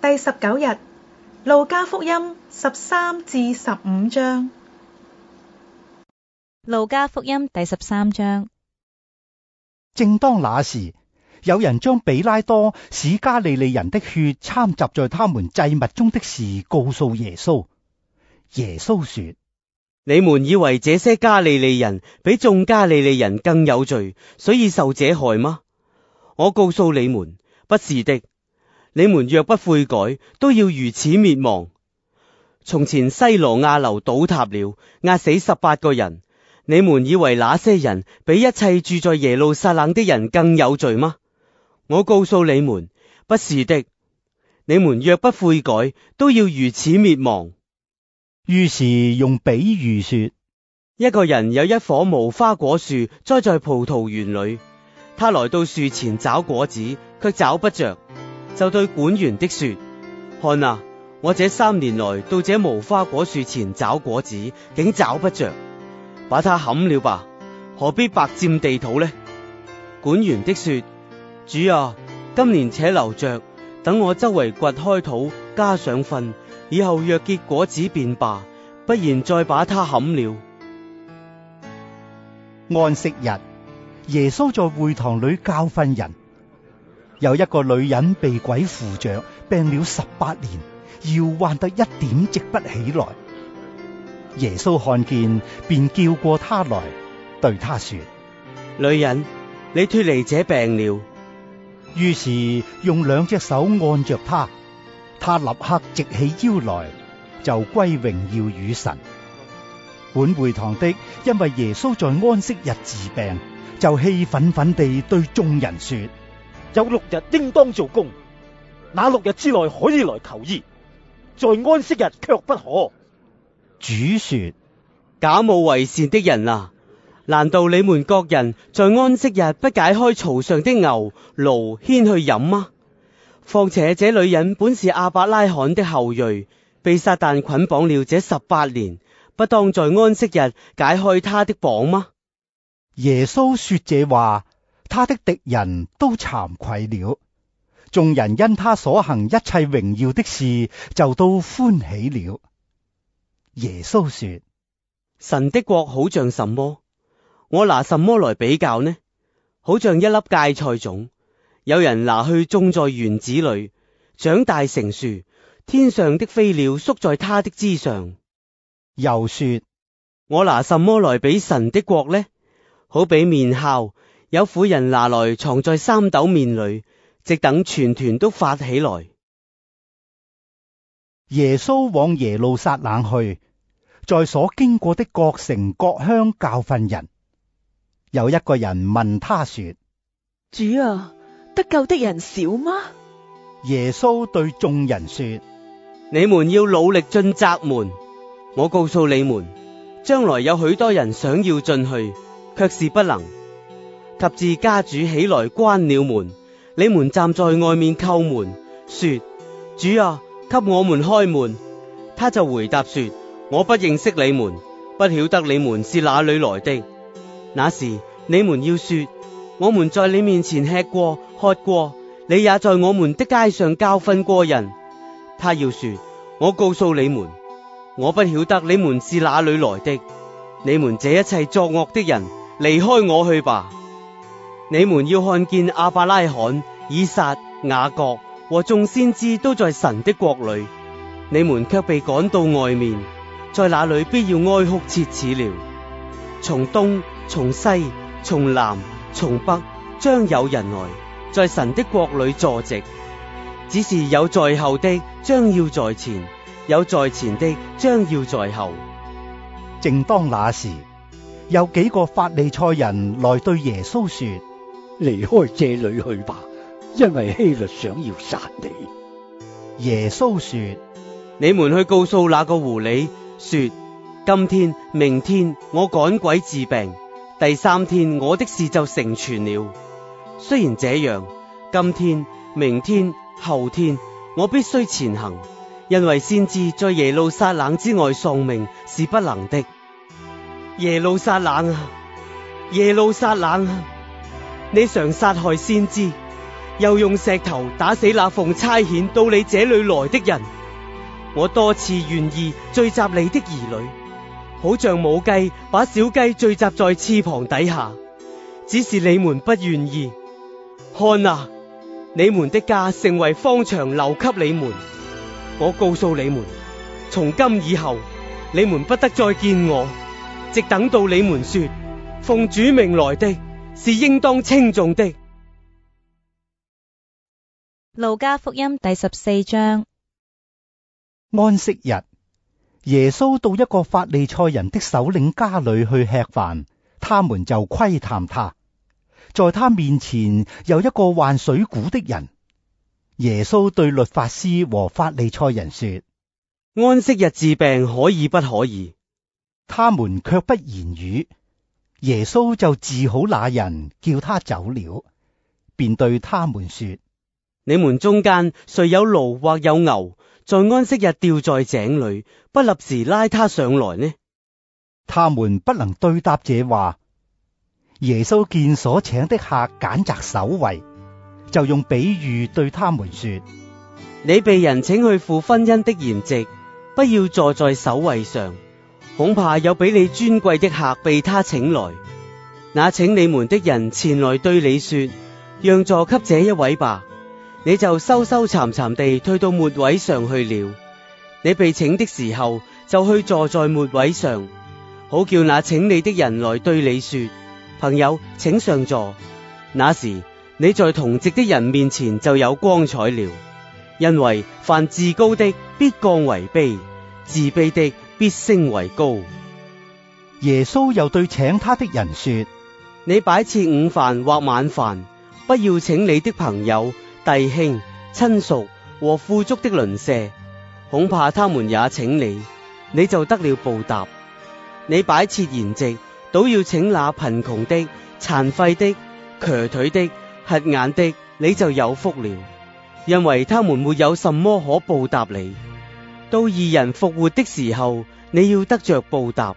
第十九日，路加福音十三至十五章。路加福音第十三章。正當那時，有人將比拉多使加利利人的血摻雜在他們祭物中的事告訴耶穌。耶穌說：你們以為這些加利利人比眾加利利人更有罪，所以受這害嗎？我告訴你們，不是的。你們若不悔改，都要如此滅亡。從前西羅亞樓倒塌了，壓死十八個人。你們以為那些人比一切住在耶路撒冷的人更有罪嗎？我告訴你們，不是的。你們若不悔改，都要如此滅亡。於是用比喻說：一個人有一棵無花果樹栽在葡萄園裏，他來到樹前找果子，卻找不着。就對管員的說：看啊，我這三年來到這無花果樹前找果子，竟找不着，把它砍了吧，何必白佔地土呢？管員的說：主啊，今年且留着，等我周圍掘開土加上糞，以後若結果子便罷，不然再把它砍了。安息日，耶穌在會堂裏教訓人。有一個女人被鬼附着，病了十八年，腰彎得一點直不起來。耶穌看見，便叫過她來，對她說：女人，你脱離這病了。於是用兩隻手按着她，她立刻直起腰來，就歸榮耀與神。管會堂的因為耶穌在安息日治病，就氣憤憤地對眾人說。有六日應當做工，那六日之內可以來求醫，在安息日卻不可。主說：假冒為善的人啊，難道你們各人在安息日不解開槽上的牛、驢牽去飲嗎？況且這女人本是亞伯拉罕的後裔，被撒旦捆綁了這十八年，不當在安息日解開她的綁嗎？耶穌說這話。他的敵人都慚愧了，眾人因他所行一切榮耀的事就都歡喜了。耶穌說：神的國好像什麼？我拿什麼來比較呢？好像一粒芥菜種，有人拿去種在園子裏，長大成樹，天上的飛鳥宿在它的枝上。又說：我拿什麼來比神的國呢？好比麵酵。有婦人拿來藏在三斗麵裏，直等全團都發起來。耶穌往耶路撒冷去，在所經過的各城各鄉教訓人。有一個人問他說：主啊，得救的人少嗎？耶穌對眾人說：你們要努力進窄門。我告訴你們，將來有許多人想要進去，卻是不能。及至家主起來關了門，你們站在外面叩門，說：主啊，給我們開門。他就回答說：我不認識你們，不曉得你們是哪裏來的。那時你們要說：我們在你面前吃過喝過，你也在我們的街上教訓過人。他要說，我告訴你們，我不曉得你們是哪裏來的，你們這一切作惡的人，離開我去吧。你們要看見亞伯拉罕、以撒、雅各和眾先知都在神的國裏，你們卻被趕到外面，在那裏必要哀哭切齒了。從東、從西、從南、從北，將有人來在神的國裏坐席。只是有在後的將要在前，有在前的將要在後。正當那時，有幾個法利賽人來對耶穌說。離開這裏去吧，因為希律想要殺你。耶穌說：你們去告訴那個狐狸，說今天、明天我趕鬼治病，第三天我的事就成全了。雖然這樣，今天、明天、後天我必須前行，因為先知在耶路撒冷之外喪命是不能的。耶路撒冷啊，耶路撒冷啊！你常殺害先知，又用石頭打死那奉差遣到你這裏來的人。我多次願意聚集你的兒女，好像母雞把小雞聚集在翅膀底下，只是你們不願意。看啊，你們的家成為荒場，留給你們。我告訴你們，從今以後，你們不得再見我，直等到你們說奉主命來的。是應當稱重的。路加福音第十四章。安息日，耶穌到一個法利賽人的首領家裏去吃飯，他們就窺探他。在他面前有一個患水臌的人。耶穌對律法師和法利賽人說：安息日治病可以不可以？他們卻不言語。耶穌就治好那人，叫他走了，便對他們說：你們中間誰有驢或有牛，在安息日掉在井裏，不立時拉他上來呢？他們不能對答這話。耶穌見所請的客揀擇首位，就用比喻對他們說：你被人請去赴婚姻的筵席，不要坐在首位上。恐怕有比你尊貴的客被他請來，那請你們的人前來對你說，讓座給這一位吧。你就羞羞慚慚地退到末位上去了。你被請的時候，就去坐在末位上，好叫那請你的人來對你說，朋友，請上座。那時你在同席的人面前就有光彩了，因為凡自高的必降為卑，自卑的。必升為高。耶穌又對請他的人說：你擺設午飯或晚飯，不要請你的朋友、弟兄、親屬和富足的鄰舍，恐怕他們也請你，你就得了報答。你擺設筵席，倒要請那貧窮的、殘廢的、瘸腿的、瞎眼的，你就有福了，因為他們沒有什麼可報答你。到二人復活的時候，你要得着報答。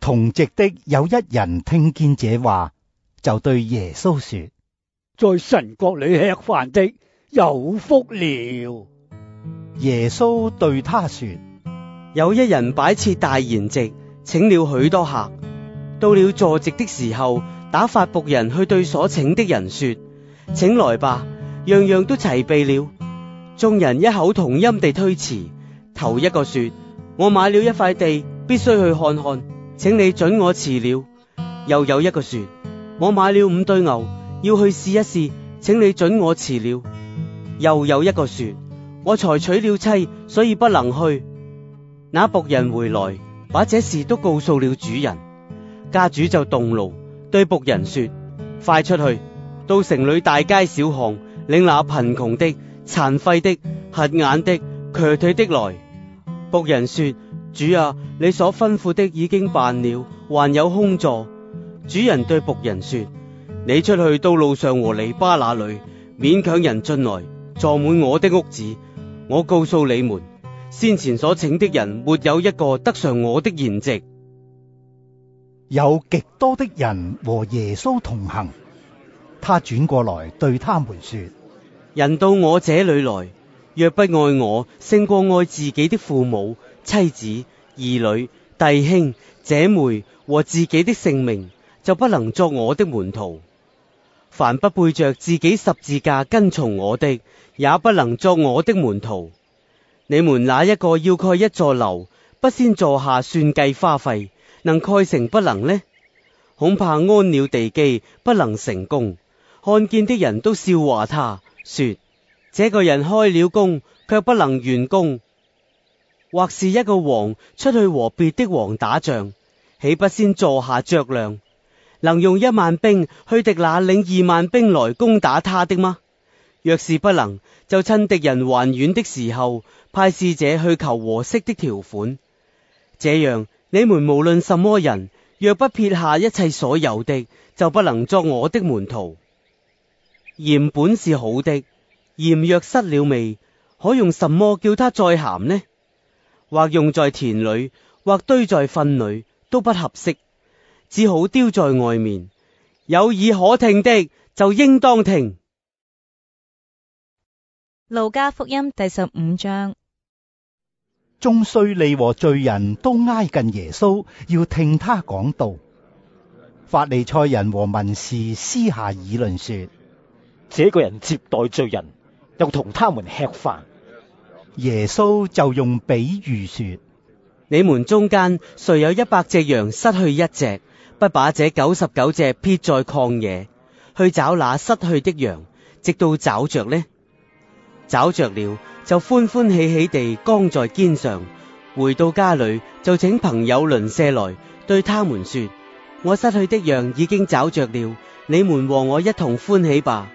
同席的有一人聽見這話，就對耶穌說：在神國裏吃飯的有福了。耶穌對他說：有一人擺設大筵席，請了許多客。到了坐席的時候，打發僕人去對所請的人說：請來吧，樣樣都齊備了。眾人一口同音地推辭。頭一個說：我買了一塊地，必須去看看，請你准我辭了。又有一個說：我買了五對牛，要去試一試，請你准我辭了。又有一個說：我才娶了妻，所以不能去。那僕人回來，把這事都告訴了主人，家主就動怒，對僕人說：快出去，到城裏大街小巷，領那貧窮的、殘廢的、瞎眼的、瘸腿的來。僕人說：主啊，你所吩咐的已經辦了，還有空座。主人對僕人說：你出去到路上和籬笆那裏，勉強人進來，坐滿我的屋子。我告訴你們，先前所請的人沒有一個得上我的筵席。有極多的人和耶穌同行。他轉過來對他們說：人到我這裏來。若不愛我勝過愛自己的父母、妻子、兒女、弟兄、姐妹和自己的性命，就不能作我的門徒。凡不背着自己十字架跟從我的，也不能作我的門徒。你們哪一個要蓋一座樓，不先坐下算計花費，能蓋成不能呢？恐怕安了地基，不能成功。看見的人都笑話他說。這個人開了工，卻不能完工；或是一個王出去和別的王打仗，豈不先坐下酌量？能用一萬兵去敵那領二萬兵來攻打他的嗎？若是不能，就趁敵人還遠的時候，派使者去求和式的條款。這樣，你們無論什麼人，若不撇下一切所有的，就不能作我的門徒。鹽本是好的。鹽若失了味，可用什麼叫它再鹹呢？或用在田裏，或堆在糞裏，都不合適，只好丟在外面。有耳可聽的，就應當聽。《路加福音》第十五章。眾稅吏和罪人都挨近耶穌，要聽他講道。法利賽人和文士私下議論說：這個人接待罪人。又同他們吃飯，耶穌就用比喻說：你們中間誰有一百隻羊失去一隻，不把這九十九隻撇在曠野，去找那失去的羊，直到找着呢？找着了，就歡歡喜喜地扛在肩上，回到家裏，就請朋友鄰舍來，對他們說：我失去的羊已經找着了，你們和我一同歡喜吧。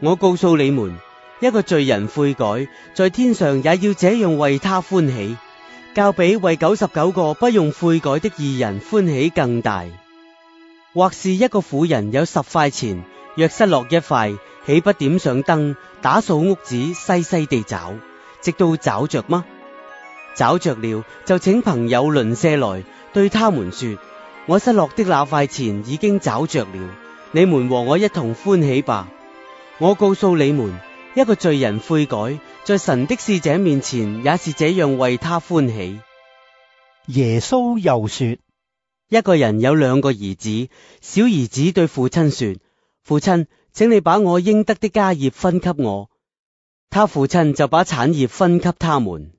我告訴你們。一個罪人悔改，在天上也要這樣為他歡喜，較比為九十九個不用悔改的義人歡喜更大。或是一個婦人有十塊錢，若失落一塊，豈不點上燈，打掃屋子，細細地找，直到找着嗎？找着了，就請朋友鄰舍來，對他們說：我失落的那塊錢已經找着了，你們和我一同歡喜吧。我告訴你們。一個罪人悔改，在神的使者面前也是這樣為他歡喜。耶穌又說：一個人有兩個兒子，小兒子對父親說：父親，請你把我應得的家業分給我。他父親就把產業分給他們。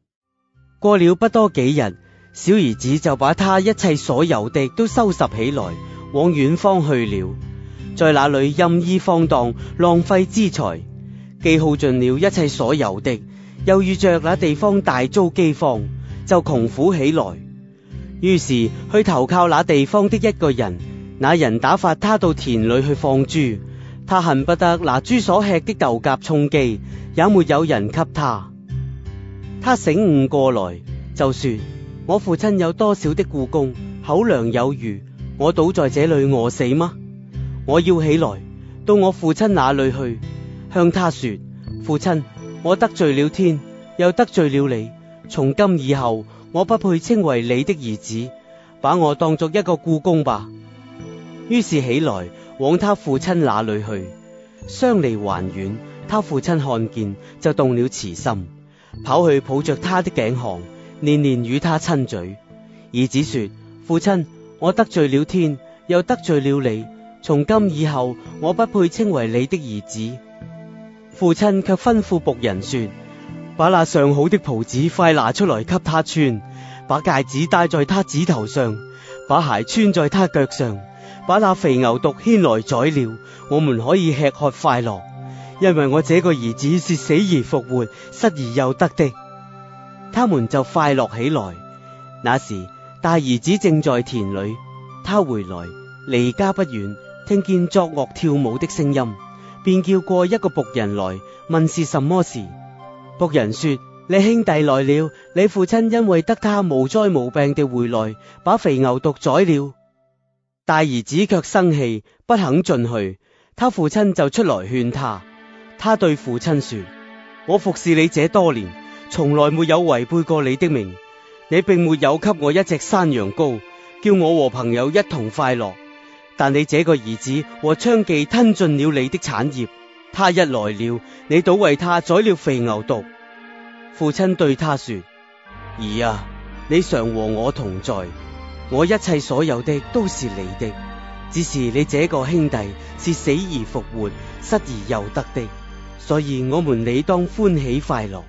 過了不多幾日，小兒子就把他一切所有的都收拾起來，往遠方去了，在那裏任意放蕩，浪費資財。既耗盡了一切所有的，又遇着那地方大遭饑荒，就窮苦起來。於是去投靠那地方的一個人，那人打發他到田裏去放豬。他恨不得拿豬所吃的豆莢充饑，也沒有人給他。他醒悟過來，就說：我父親有多少的雇工，口糧有餘，我倒在這裏餓死嗎？我要起來到我父親那裏去。向他說：父親，我得罪了天，又得罪了你。從今以後，我不配稱為你的兒子，把我當作一個僱工吧。於是起來往他父親那裏去，相離還遠，他父親看見就動了慈心，跑去抱着他的頸項，年年與他親嘴。兒子說：父親，我得罪了天，又得罪了你。從今以後，我不配稱為你的兒子。父親卻吩咐僕人說：把那上好的袍子快拿出來給他穿，把戒指戴在他指頭上，把鞋穿在他腳上，把那肥牛犢牽來宰了，我們可以吃喝快樂。因為我這個兒子是死而復活、失而又得的。他們就快樂起來。那時大兒子正在田裏，他回來離家不遠，聽見作樂跳舞的聲音。便叫過一個僕人來問是什麼事。僕人說：你兄弟來了，你父親因為得他無災無病地回來，把肥牛犢宰了。大兒子卻生氣，不肯進去。他父親就出來勸他。他對父親說：我服侍你這多年，從來沒有違背過你的命。你並沒有給我一隻山羊羔，叫我和朋友一同快樂。但你這個兒子和娼妓吞進了你的產業，他一來了，你倒為他宰了肥牛犢。父親對他說：兒啊，你常和我同在，我一切所有的都是你的，只是你這個兄弟是死而復活、失而又得的，所以我們理當歡喜快樂。